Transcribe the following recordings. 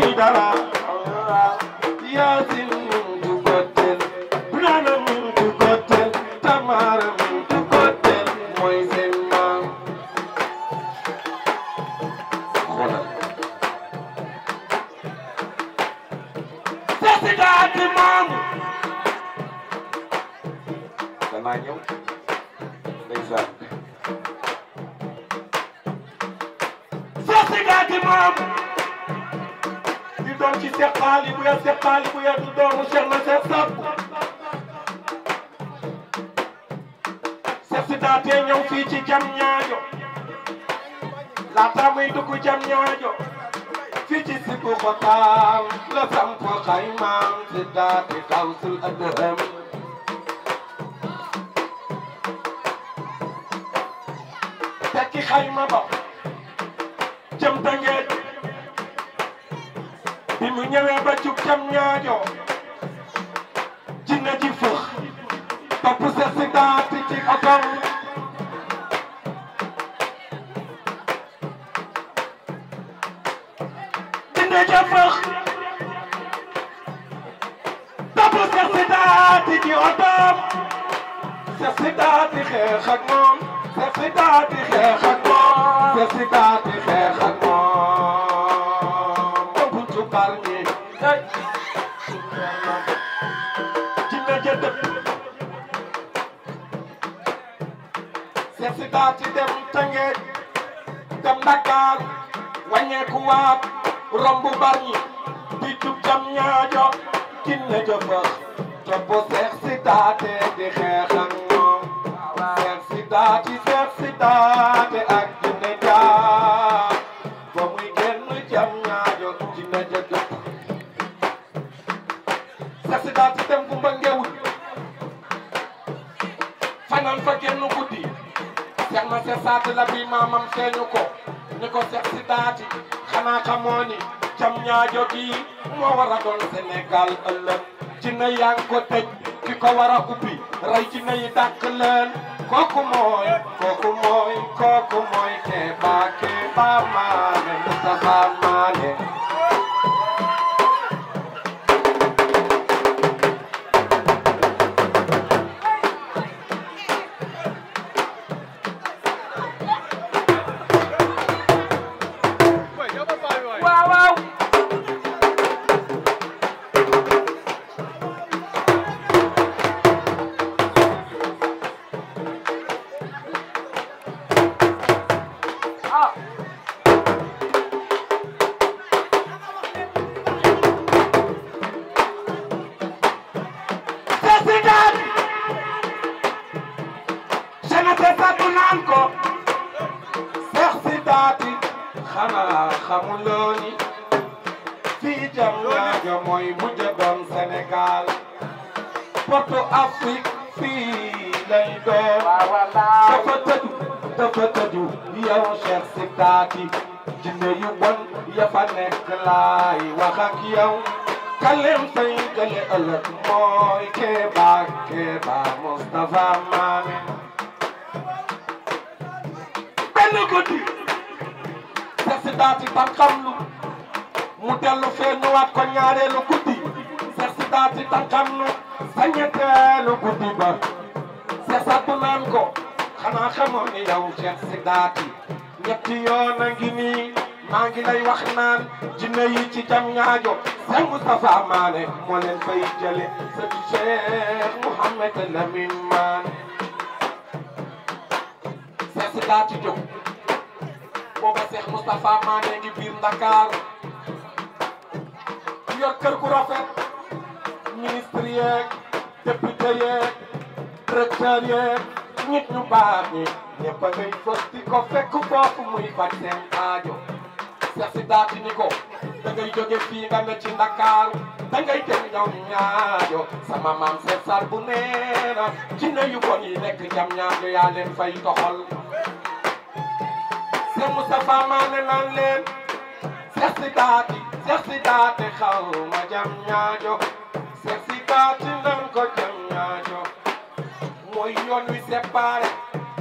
haydara yasin du kottel bunana du kottel tamara du kottel mooy seen maam xoolal sasidaati maam danaa ñëw ndeysaan sasidaati maam doon ci Cheikh Xaali bu ya Cheikh Xaali ya du doomu Cheikh la Cheikh Sakku Cheikh Sida ñëw fii ci jam ñaajo laata muy dugg jam ñaajo fii ci sibu xotaan la samp xaymaam Sida te kawsul adham tekki xayma ba jëm dange bu ba jub jam ñaajo jinne ji fëx topp sa si daati ci otom jinne ja fëx topp sa si daati ci otom sa si daati xeex ak moom sa si daati xeex ak moom sa kay jinne jënd seet si daa ci dem Tëngéej dem Dakar wàññeeku waat romb Bargny di jub jam ñaajo jinne jëfër te bu seet si daa te di xeex fàtteñu ko ni ko sex si daati xanaa xamoo ni jam ñaajo gi moo war a doon Sénégal ëllëg jinne yaa ngi ko tëj ki ko war a ubbi rey jinne yi dàq leen kooku mooy kooku mooy kooku mooy Keba Keba Mané Moustapha fi fii lay doon. dafa tëju dafa tëju yow Cheikh si jinne yu bon ya fa nekk laay wax ak yow. kalem say gële ëllëg mooy Kéba Kéba Moustapha Mané. guddi. Cheikh si taati lu mu dellu fee ñëwaat ko ñaareelu guddi. Cheikh si taati lu sañeteelu guddi ba sa sàpp naan ko xanaa xamoon ni yow Cheikh Sidaati ñetti yoon a ngi nii maa ngi lay wax naan jinne yi ci jam ñaajo Cheikh Moustapha Maane moo leen fay jële sa di Cheikh Mouhamed Lamine Maane Cheikh Sidaati booba Cheikh Moustapha Maane ngi biir Ndakaaru yor kër gu rafet ministre yeeg député yeeg directeur yeeg nit ñu baax ñi ñëpp a ngay fës di ko fekk foofu muy faj seen aajo si daati ni ko da ngay jóge fii nga ne ci Dakar da ngay dem ñaw ñaajo sama maam Cheikh Sarr bu neena ci ne yu bon yi jam ñaajo yaa leen fay toxol Cheikh Moustapha maa ne naan leen Cheikh si daati si daati xaw ma jam ñaajo yaati nan ko jëm ñaajo mooy yoon wi séparé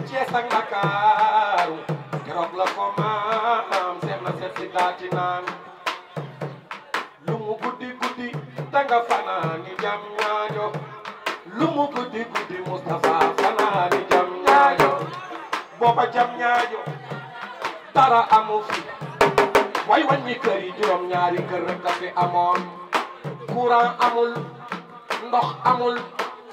Cees ak Ndakaaru keroog la ko maam na seet si daati naan lu mu guddi guddi danga fanaani jam ñaajo lu mu guddi guddi Moustapha fanaani jam ñaajo booba jam ñaajo dara amu fi way wàññi kër yi juróom ñaari kër a fi amoon courant amul dox amul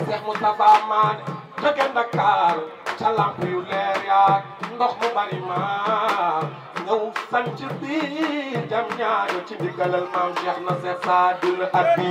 Cheikh Moustapha maan jóge Dakar ca lamp yu leer yaak ndox mu bari maa ñëw sanc bi jam ñaayo ci ndigalal maam Cheikh na Cheikh Sadil Abi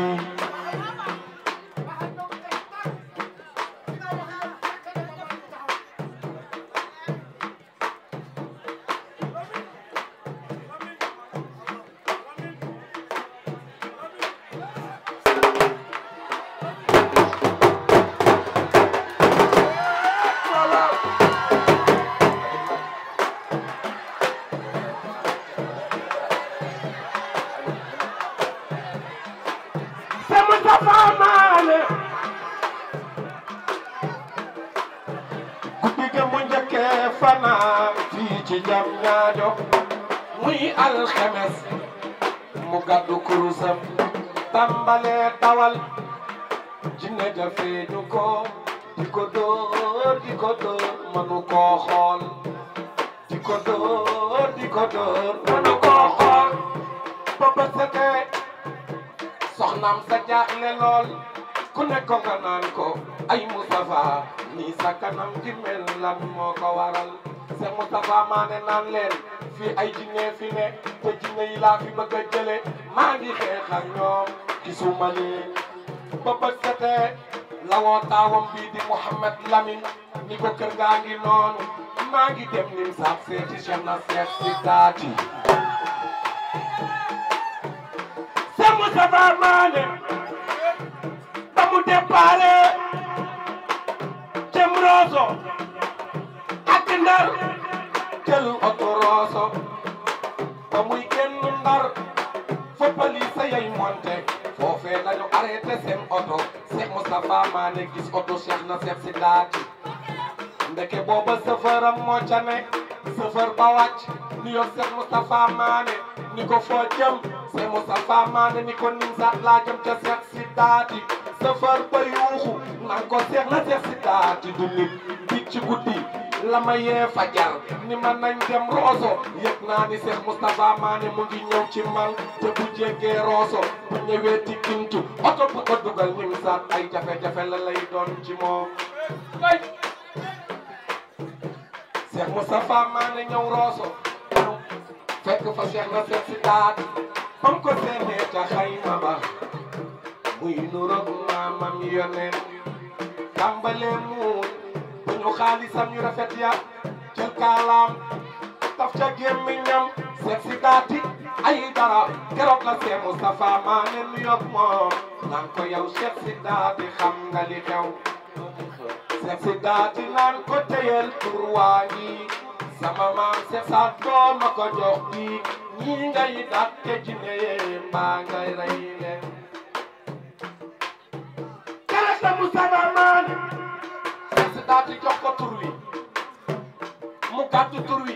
ci jam ñaajo muy alxemes mu gàddu kurusam tàmbalee dawal jinne ja feeñu ko di ko dóor di ko dóor mënu koo xool di ko dóor di ko dóor mënu koo xool ba bët setee soxnaam sa jaaxle lool ku ne nga naan ko ay Mustafa nii sa kanam di mel lan moo ko waral Seex Moustapha Mané naan leen fii ay jinne ne te jinne yi laa maa ngi xeex ak ñoom ci suma lii bii di Mouhamed Lamine ni ko kër gaa maa ngi dem nim saab seeti Seex si daati Seex Moustapha Mané ba mu déparé jëm Rosso ndar oto rooso te muy kenn ndar foppali sa yey monte foofee lañu arrêté seen oto Cheikh Moustapha Mané gis oto Cheikh na seet si ndeke booba sëfëram moo sëfër ba ni yor Cheikh Moustapha Mané ni ko foo jëm Cheikh Moustapha Mané ni ko nim saat ca seet si sëfër ba yuuxu naan ko Cheikh na seet si du nit ci guddi la ma yee fajar ni ma nañ dem rooso yëg naa ni Cheikh Moustapha Mané mu ngi ci man te bu jéggee rooso bu ñëwee ci kintu oto bu ko dugal nim saat ay jafe-jafe la lay doon ci moom Cheikh Moustapha Mané ñëw rooso fekk fa Cheikh na seet si daat bam ko seenee ca xayma ba muy nuroog maamam yoneen tàmbalee mu xaalisam yu rafet ya jël taf ca gémmiñam seet daati ay dara keroog la see Moustapha maa ne nu yokk ko yow seet daati xam nga xew seet daati naan ko téyel tur waa sama maam seet sa dooma ko jox ñii ñii ngay daat te jinne yee mbaa ngay rey leen keroog la daal di jox mu gàddu tur wi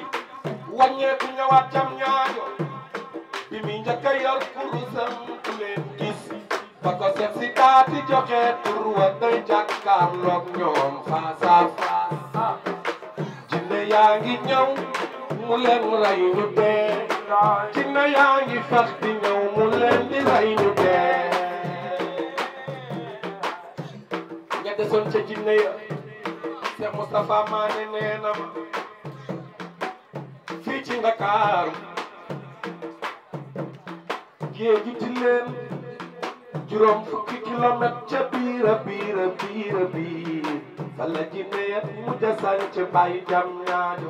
wàññeeku ñëwaat jam ñaajo bi mi njëkk a yor kurusam ku leen gis ba ko seet si jinne yaa ngi ñëw mu leen rey dee jinne yaa ngi fex di ñëw mu leen di rey dee ña desoon ca jinne ya Moustapha Mané nee na ma fii ci Ndakaaru géej gi ci leen juróom fukki kilomètre ca biira biira biira biir fala ji neet mu jasan ci bàyyi jam ñaajo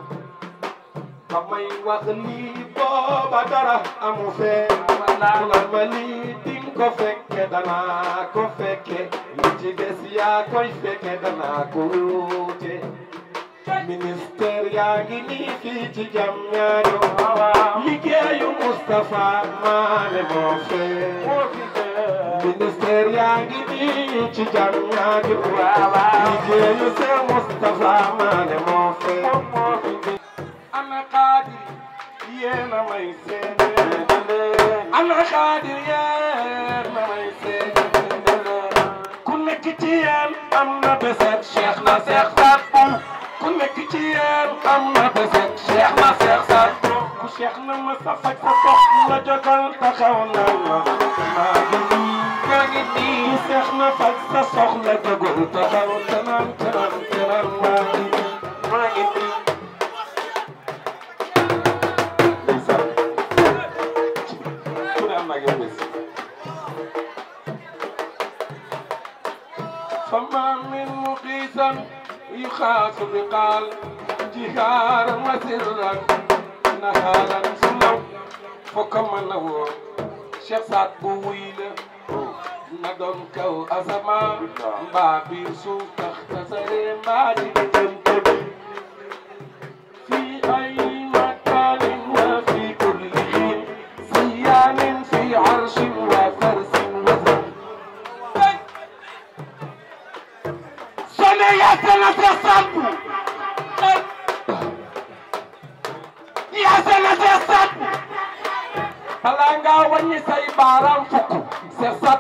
ba may wax lii booba dara amu fee wala ma lii din ko fekke danaa ko fekke ci des yaa koy fekke danaa ko wuute ministère yaa ngi nii fii ci jam ñaajo liggéeyu Moustapha Mané moo fee ministère yaa ngi nii ci jam ñaajo liggéeyu Seex Moustapha Mané moo fee ana xaadir yéena may seede ana xaadir yéena ci yéen am na beseet Cheikh na Cheikh Saad Bou ku nekk ci yéen am na beseet Cheikh na Cheikh Saad Bou ku Cheikh na ma sa faj sa soxla jogal taxaw na la maa ngi nii maa ngi nii ku Cheikh na faj sa soxla jogal taxaw na la فما من مقيس يخاف بقال جهارا وسرا نهارا سلم فكما نو شيخ سعد بويلة ندون كو أزمان بابي سوف تختصر ما تجم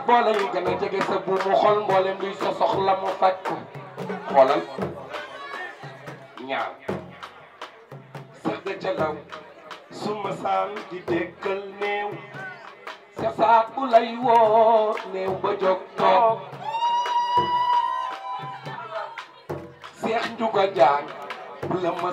boo lay gën a jege sa buumu xol mboolem luy sa soxla mu faj ko xoolal ñaar sax da su ma di dëkkal néew sa saat bu lay woo néew ba jóg toog seex njuga bu la ma